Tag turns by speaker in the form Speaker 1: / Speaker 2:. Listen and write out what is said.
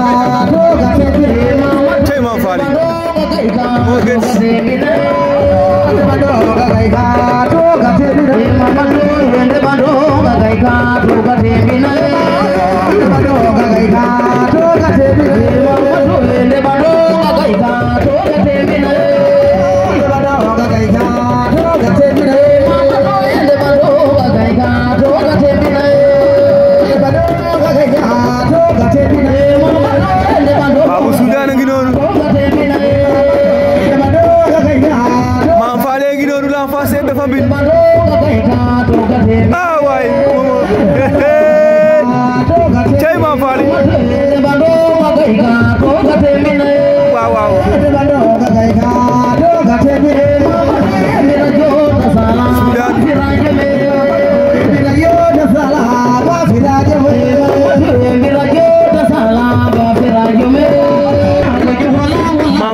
Speaker 1: Tema Fali. Ndeysaan a ngi noonu Mame Fallé a ngi noonu l'enfant c'est Bébé Fambilly ah!